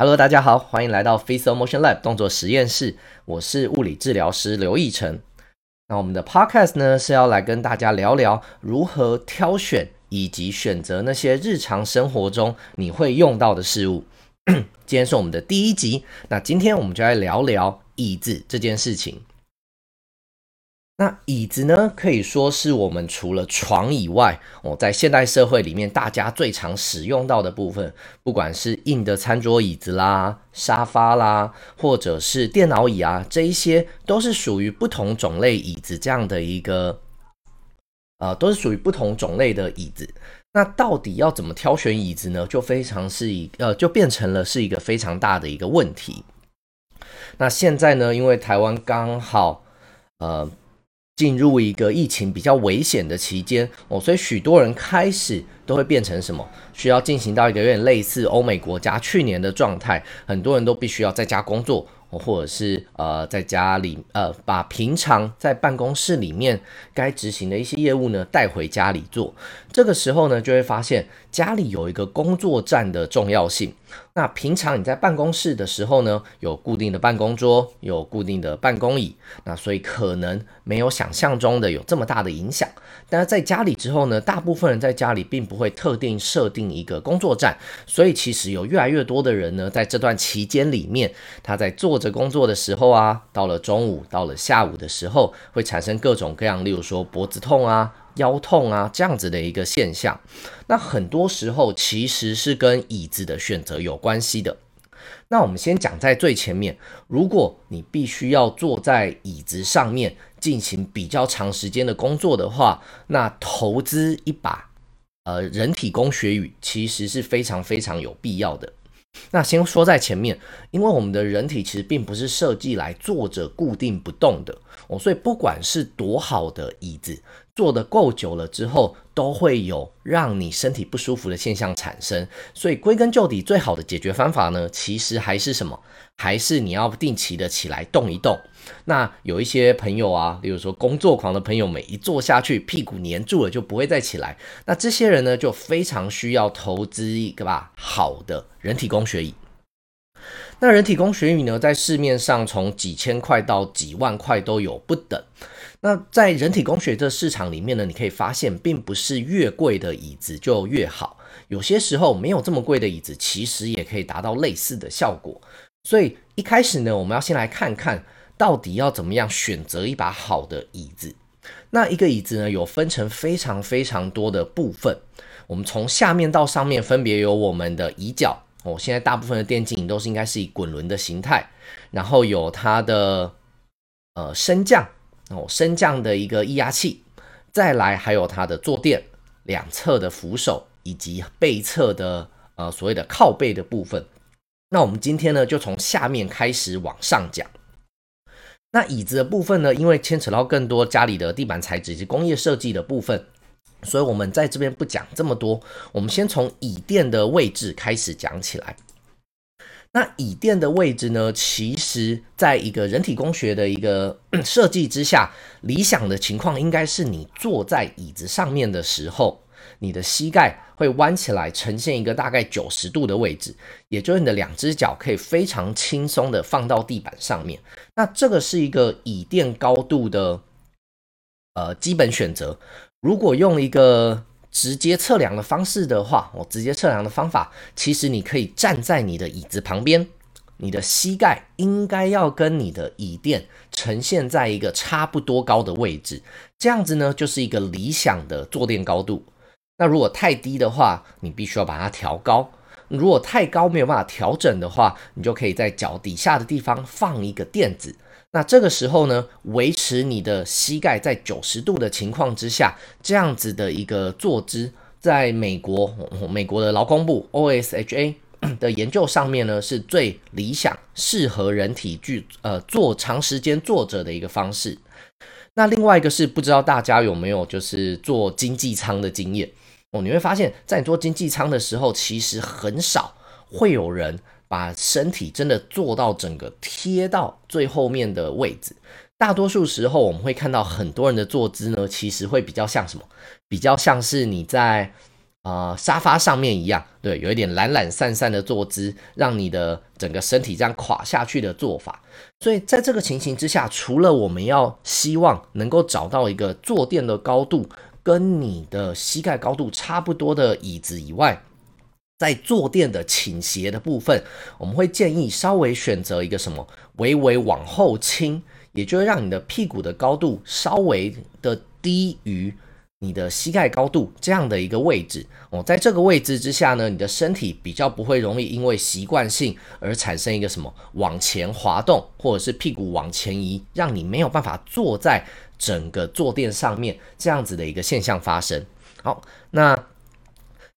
Hello，大家好，歡迎來到 Physical Motion Lab 動作實驗室。我是物理治療師劉義成。那我們的 podcast 呢，是要來跟大家聊聊如何挑選以及選擇那些日常生活中你會用到的事物。 今天是我們的第一集，那今天我們就來聊聊椅子這件事情。那椅子呢，可以說是我們除了床以外，哦，在現代社會裡面，大家最常使用到的部分，不管是硬的餐桌椅子啦、沙發啦，或者是電腦椅啊，這一些都是屬於不同種類椅子這樣的一個，呃，都是屬於不同種類的椅子。那到底要怎麼挑選椅子呢？就非常是一呃，就變成了是一個非常大的一個問題。那現在呢，因為台灣剛好，呃。進入一個疫情比較危險的期間哦，所以許多人開始都會變成什麼？需要進行到一個有點類似歐美國家去年的狀態，很多人都必須要在家工作，哦，或者是呃在家裡呃把平常在辦公室裡面該執行的一些業務呢帶回家裡做。這個時候呢，就會發現。家裡有一個工作站的重要性。那平常你在辦公室的時候呢，有固定的辦公桌，有固定的辦公椅，那所以可能沒有想象中的有這麼大的影響。但是在家裡之後呢，大部分人在家裡並不會特定設定一個工作站，所以其實有越來越多的人呢，在這段期間裡面，他在坐着工作的時候啊，到了中午，到了下午的時候，會產生各種各樣，例如說，脖子痛啊。腰痛啊，這樣子的一個現象，那很多時候其實是跟椅子的選擇有關係的。那我們先講在最前面，如果你必須要坐在椅子上面進行比較長時間的工作的話，那投資一把呃人體工學椅其實是非常非常有必要的。那先說在前面，因為我們的人體其實並不是設計來坐着固定不動的哦，所以不管是多好的椅子，坐得夠久了之後，都會有讓你身體不舒服的現象產生。所以歸根究底，最好的解決方法呢，其實還是什麼？還是你要定期的起來動一動。那有一些朋友啊，例如說工作狂的朋友們，一坐下去屁股黏住了，就不會再起來。那這些人呢，就非常需要投資一把好的人體工學椅。那人體工學椅呢，在市面上從幾千塊到幾萬塊都有不等。那在人體工學的市場裡面呢，你可以發現，並不是越貴的椅子就越好。有些時候沒有這麼貴的椅子，其實也可以達到類似的效果。所以一開始呢，我們要先來看看。到底要怎麼樣選擇一把好的椅子？那一個椅子呢，有分成非常非常多的部分。我們從下面到上面，分別有我們的椅腳。哦，現在大部分的電競椅都是應該是以滾輪的形態，然後有它的呃升降哦，升降的一個液壓器，再來還有它的坐墊、兩側的扶手以及背側的呃所謂的靠背的部分。那我們今天呢，就從下面開始往上講。那椅子的部分呢，因為牽扯到更多家裡的地板材質以及工業設計的部分，所以我們在這邊不講這麼多。我們先從椅墊的位置開始講起來。那椅墊的位置呢，其實在一個人體工學的一個設計之下，理想的情況應該是你坐在椅子上面的時候，你的膝蓋會彎起來，呈現一個大概九十度的位置，也就是你的兩隻腳可以非常輕鬆的放到地板上面。那這個是一個椅墊高度的呃基本選擇。如果用一個直接測量的方式的話，我、哦、直接測量的方法，其實你可以站在你的椅子旁邊，你的膝蓋應該要跟你的椅墊呈現在一個差不多高的位置，這樣子呢就是一個理想的坐墊高度。那如果太低的話，你必須要把它調高；如果太高沒有辦法調整的話，你就可以在腳底下的地方放一個墊子。那這個時候呢，維持你的膝蓋在九十度的情況之下，這樣子的一個坐姿，在美國美國的勞工部 OSHA 的研究上面呢，是最理想適合人體去呃坐長時間坐着的一個方式。那另外一個是不知道大家有沒有就是坐經濟艙的經驗。哦，你會發現在你坐經濟艙的時候，其實很少會有人把身體真的坐到整個貼到最後面的位置。大多數時候，我們會看到很多人的坐姿呢，其實會比較像什麼？比較像是你在啊、呃、沙發上面一樣，對，有一點懶懶散散的坐姿，讓你的整個身體這樣垮下去的做法。所以，在這個情形之下，除了我們要希望能夠找到一個坐墊的高度，跟你的膝蓋高度差不多的椅子以外，在坐墊的傾斜的部分，我們會建議稍微選擇一個什麼，微微往後傾，也就是讓你的屁股的高度稍微的低於你的膝蓋高度這樣的一個位置。哦，在這個位置之下呢，你的身體比較不會容易因為習慣性而產生一個什麼往前滑動，或者是屁股往前移，讓你沒有辦法坐在。整個坐墊上面這樣子的一個現象發生。好，那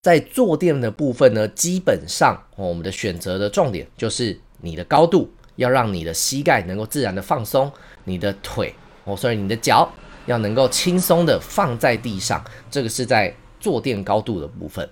在坐墊的部分呢，基本上，哦，我們的選擇的重點就是你的高度，要讓你的膝蓋能夠自然的放鬆，你的腿哦，所以你的腳要能夠輕鬆的放在地上。這個是在坐墊高度的部分。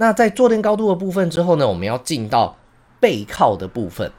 那在坐墊高度的部分之後呢，我們要進到背靠的部分。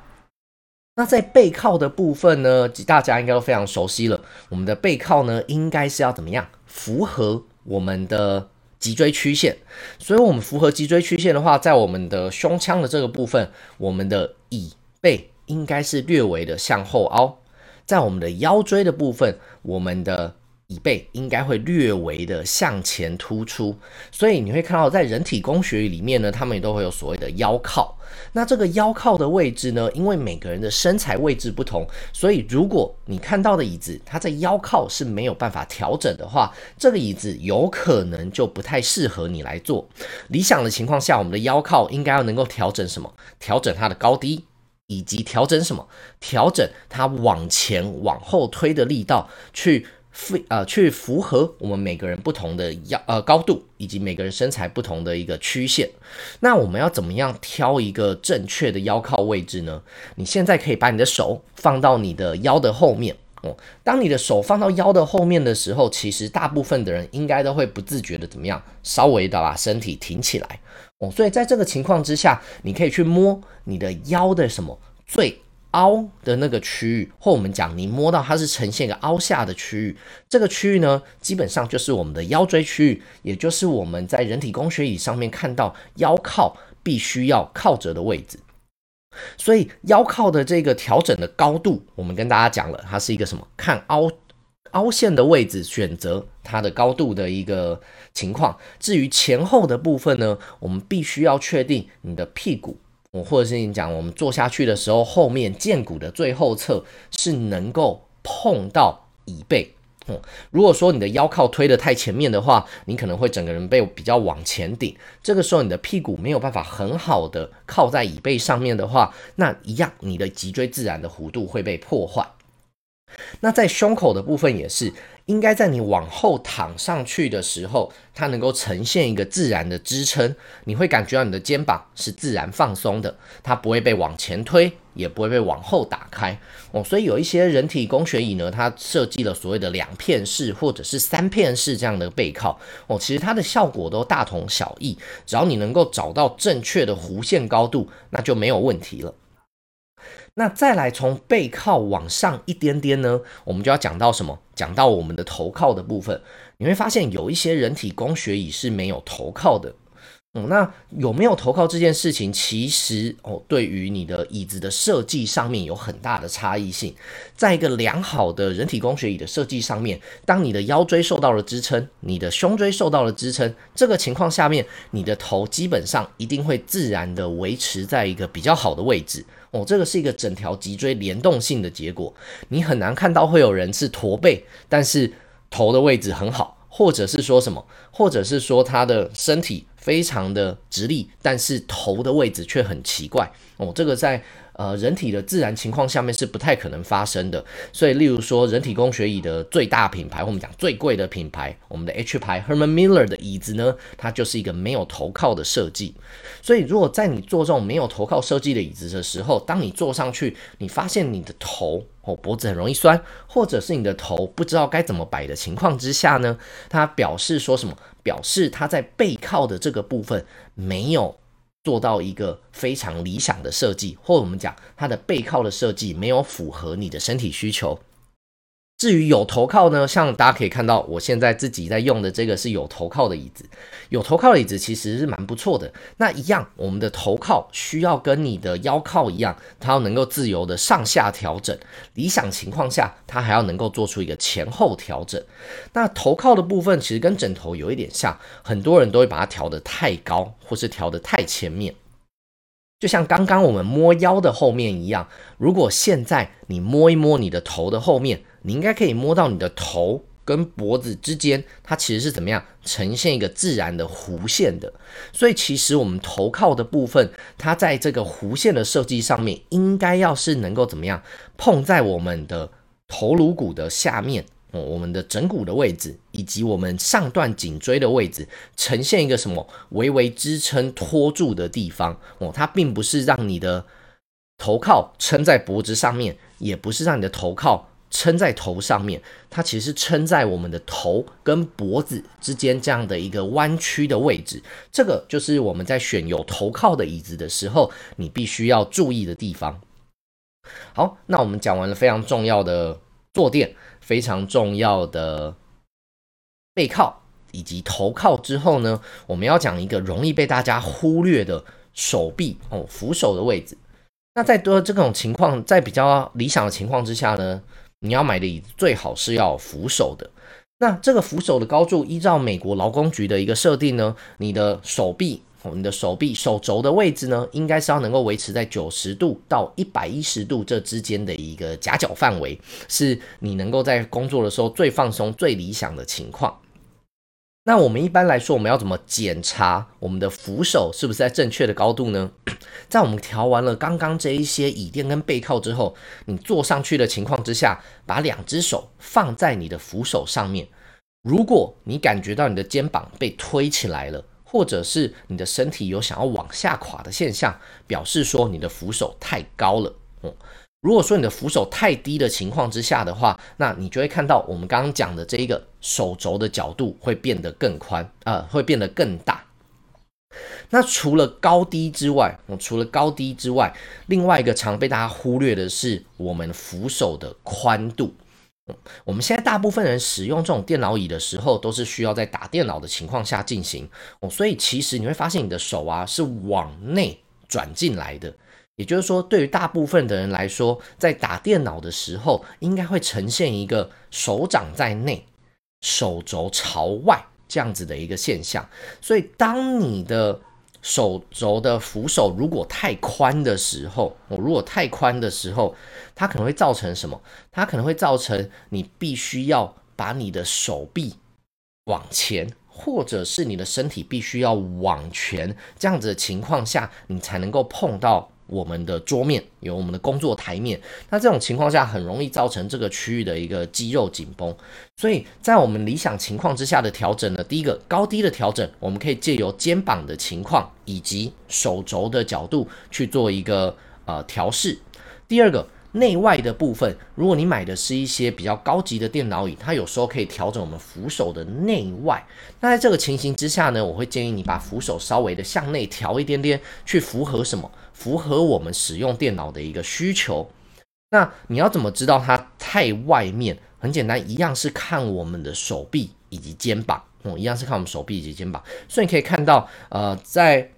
那在背靠的部分呢，大家應該都非常熟悉了。我們的背靠呢，應該是要怎麼樣？符合我們的脊椎曲線。所以，我們符合脊椎曲線的話，在我們的胸腔的這個部分，我們的椅背應該是略微的向後凹；在我們的腰椎的部分，我們的椅背應該會略微的向前突出，所以你會看到在人體工學裡面呢，他們也都會有所謂的腰靠。那這個腰靠的位置呢，因為每個人的身材位置不同，所以如果你看到的椅子，它在腰靠是沒有辦法調整的話，這個椅子有可能就不太適合你來坐。理想的情況下，我們的腰靠應該要能夠調整什麼？調整它的高低，以及調整什麼？調整它往前往後推的力道去。非呃，去符合我們每個人不同的腰呃高度，以及每個人身材不同的一個曲線。那我們要怎麼樣挑一個正確的腰靠位置呢？你現在可以把你的手放到你的腰的後面哦。當你的手放到腰的後面的時候，其實大部分的人應該都會不自覺的怎麼樣，稍微的把身體挺起來哦。所以在這個情況之下，你可以去摸你的腰的什麼最。凹的那個區域，或我們講，你摸到它是呈現一個凹下的區域，這個區域呢，基本上就是我們的腰椎區域，也就是我們在人體工學椅上面看到腰靠必須要靠着的位置。所以腰靠的這個調整的高度，我們跟大家講了，它是一個什麼？看凹凹陷的位置，選擇它的高度的一個情況。至於前後的部分呢，我們必須要確定你的屁股。我或者是你講，我們坐下去的時候，後面薦骨的最後側是能夠碰到椅背。嗯，如果說你的腰靠推得太前面的話，你可能會整個人被比較往前頂。這個時候，你的屁股沒有辦法很好的靠在椅背上面的話，那一樣你的脊椎自然的弧度會被破壞。那在胸口的部分也是。應該在你往後躺上去的時候，它能夠呈現一個自然的支撐，你會感覺到你的肩膀是自然放鬆的，它不會被往前推，也不會被往後打開哦。所以有一些人體工學椅呢，它設計了所謂的兩片式或者是三片式這樣的背靠哦，其實它的效果都大同小異，只要你能夠找到正確的弧線高度，那就沒有問題了。那再來從背靠往上一點點呢，我們就要講到什麼？講到我們的頭靠的部分，你會發現有一些人體工學椅是沒有頭靠的。嗯，那有沒有頭靠這件事情，其實哦，對於你的椅子的設計上面有很大的差異性。在一個良好的人體工學椅的設計上面，當你的腰椎受到了支撐，你的胸椎受到了支撐，這個情況下面，你的頭基本上一定會自然地維持在一個比較好的位置。哦，這個是一個整條脊椎聯動性的結果。你很難看到會有人是駝背，但是頭的位置很好，或者是說什麼，或者是說他的身體。非常的直立，但是頭的位置卻很奇怪哦。這個在呃人體的自然情況下面是不太可能發生的。所以，例如說人體工學椅的最大品牌，我們講最貴的品牌，我們的 H 牌 Herman Miller 的椅子呢，它就是一個沒有頭靠的設計。所以，如果在你坐這種沒有頭靠設計的椅子的時候，當你坐上去，你發現你的頭哦脖子很容易酸，或者是你的頭不知道該怎麼擺的情況之下呢，它表示說什麼？表示它在背靠的這個部分沒有做到一個非常理想的設計，或者我們講它的背靠的設計沒有符合你的身體需求。至於有頭靠呢，像大家可以看到，我現在自己在用的這個是有頭靠的椅子，有頭靠的椅子其實是蠻不錯的。那一樣，我們的頭靠需要跟你的腰靠一樣，它要能夠自由的上下調整，理想情況下，它還要能夠做出一個前後調整。那頭靠的部分其實跟枕頭有一點像，很多人都會把它調得太高，或是調得太前面，就像剛剛我們摸腰的後面一樣，如果現在你摸一摸你的頭的後面。你應該可以摸到你的頭跟脖子之間，它其實是怎麼樣呈現一個自然的弧線的。所以其實我們頭靠的部分，它在這個弧線的設計上面，應該要是能夠怎麼樣碰在我們的頭顱骨的下面，哦，我們的枕骨的位置，以及我們上段頸椎的位置，呈現一個什麼微微支撐托住的地方。哦，它並不是讓你的頭靠撐在脖子上面，也不是讓你的頭靠。撐在頭上面，它其實是撐在我們的頭跟脖子之間這樣的一個彎曲的位置，這個就是我們在選有頭靠的椅子的時候，你必須要注意的地方。好，那我們講完了非常重要的坐墊、非常重要的背靠以及頭靠之後呢，我們要講一個容易被大家忽略的手臂哦，扶手的位置。那在多這種情況，在比較理想的情況之下呢，你要買的椅子最好是要扶手的。那這個扶手的高度，依照美國勞工局的一個設定呢，你的手臂，你的手臂、手肘的位置呢，應該是要能夠維持在九十度到一百一十度這之間的一個夾角範圍，是你能夠在工作的時候最放鬆、最理想的情況。那我們一般來說，我們要怎麼檢查我們的扶手是不是在正確的高度呢？在我們調完了剛剛這一些椅墊跟背靠之後，你坐上去的情況之下，把兩隻手放在你的扶手上面，如果你感覺到你的肩膀被推起來了，或者是你的身體有想要往下垮的現象，表示說你的扶手太高了，嗯。如果說你的扶手太低的情況之下的話，那你就會看到我們剛剛講的這一個手肘的角度會變得更寬啊、呃，會變得更大。那除了高低之外，我、嗯、除了高低之外，另外一個常被大家忽略的是我們扶手的寬度、嗯。我們現在大部分人使用這種電腦椅的時候，都是需要在打電腦的情況下進行哦、嗯，所以其實你會發現你的手啊是往內轉進來的。也就是說，對於大部分的人來說，在打電腦的時候，應該會呈現一個手掌在內、手肘朝外這樣子的一個現象。所以，當你的手肘的扶手如果太寬的時候，我如果太寬的時候，它可能會造成什麼？它可能會造成你必須要把你的手臂往前，或者是你的身體必須要往前這樣子的情況下，你才能夠碰到。我們的桌面，有我們的工作台面，那這種情況下很容易造成這個區域的一個肌肉緊繃，所以在我們理想情況之下的調整呢，第一個高低的調整，我們可以借由肩膀的情況以及手肘的角度去做一個呃調試。第二個內外的部分，如果你買的是一些比較高級的電腦椅，它有時候可以調整我們扶手的內外。那在這個情形之下呢，我會建議你把扶手稍微的向內調一點點，去符合什麼？符合我們使用電腦的一個需求。那你要怎麼知道它太外面？很簡單，一樣是看我們的手臂以及肩膀。哦，一樣是看我們手臂以及肩膀。所以你可以看到，呃，在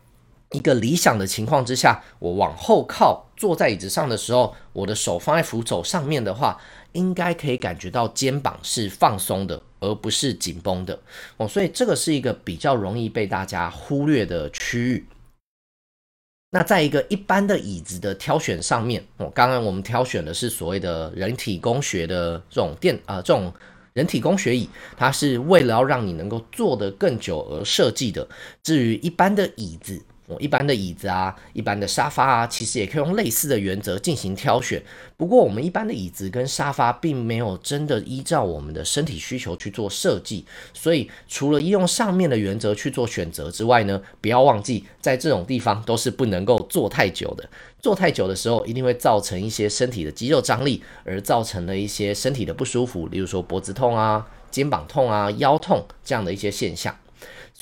一個理想的情況之下，我往後靠，坐在椅子上的時候，我的手放在扶手上面的話，應該可以感覺到肩膀是放鬆的，而不是緊繃的。哦，所以這個是一個比較容易被大家忽略的區域。那在一個一般的椅子的挑選上面，我剛剛我們挑選的是所謂的人體工學的這種墊啊、呃，這種人體工學椅，它是為了要讓你能夠坐得更久而設計的。至於一般的椅子，一般的椅子啊，一般的沙發啊，其實也可以用類似的原則進行挑選。不過，我們一般的椅子跟沙發並沒有真的依照我們的身體需求去做設計，所以除了用上面的原則去做選擇之外呢，不要忘記，在這種地方都是不能夠坐太久的。坐太久的時候，一定會造成一些身體的肌肉張力，而造成了一些身體的不舒服，例如說，脖子痛啊、肩膀痛啊、腰痛這樣的一些現象。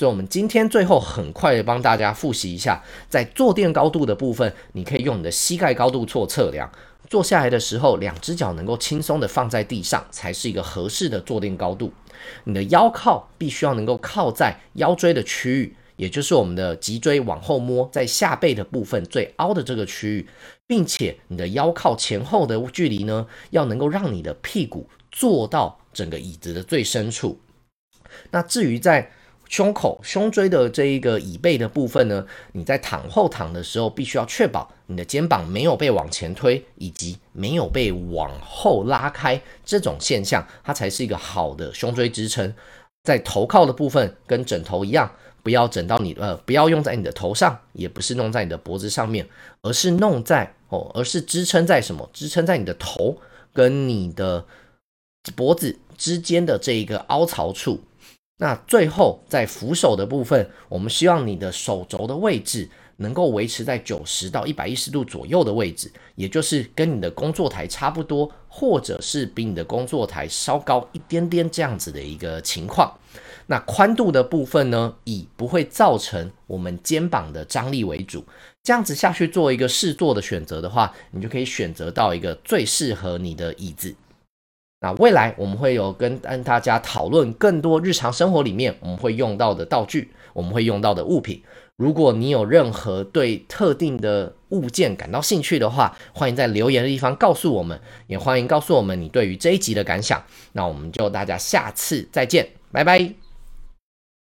所以我們今天最後很快地幫大家復習一下，在坐墊高度的部分，你可以用你的膝蓋高度做測量。坐下來的時候，兩隻腳能夠輕鬆地放在地上，才是一個合適的坐墊高度。你的腰靠必須要能夠靠在腰椎的區域，也就是我們的脊椎往後摸，在下背的部分最凹的這個區域，並且你的腰靠前後的距離呢，要能夠讓你的屁股坐到整個椅子的最深處。那至於在胸口、胸椎的這一個椅背的部分呢，你在躺後躺的時候，必須要確保你的肩膀沒有被往前推，以及沒有被往後拉開。這種現象，它才是一個好的胸椎支撐。在頭靠的部分，跟枕頭一樣，不要枕到你，呃，不要用在你的頭上，也不是弄在你的脖子上面，而是弄在，哦，而是支撐在什麼？支撐在你的頭跟你的脖子之間的這一個凹槽處。那最後，在扶手的部分，我們希望你的手肘的位置能夠維持在九十到一百一十度左右的位置，也就是跟你的工作台差不多，或者是比你的工作台稍高一點點這樣子的一個情況。那寬度的部分呢，以不會造成我們肩膀的張力為主。這樣子下去做一個試坐的選擇的話，你就可以選擇到一個最適合你的椅子。那未來我們會有跟跟大家討論更多日常生活裡面我們會用到的道具，我們會用到的物品。如果你有任何對特定的物件感到興趣的話，歡迎在留言的地方告訴我們，也歡迎告訴我們你對於這一集的感想。那我們就大家下次再見，拜拜。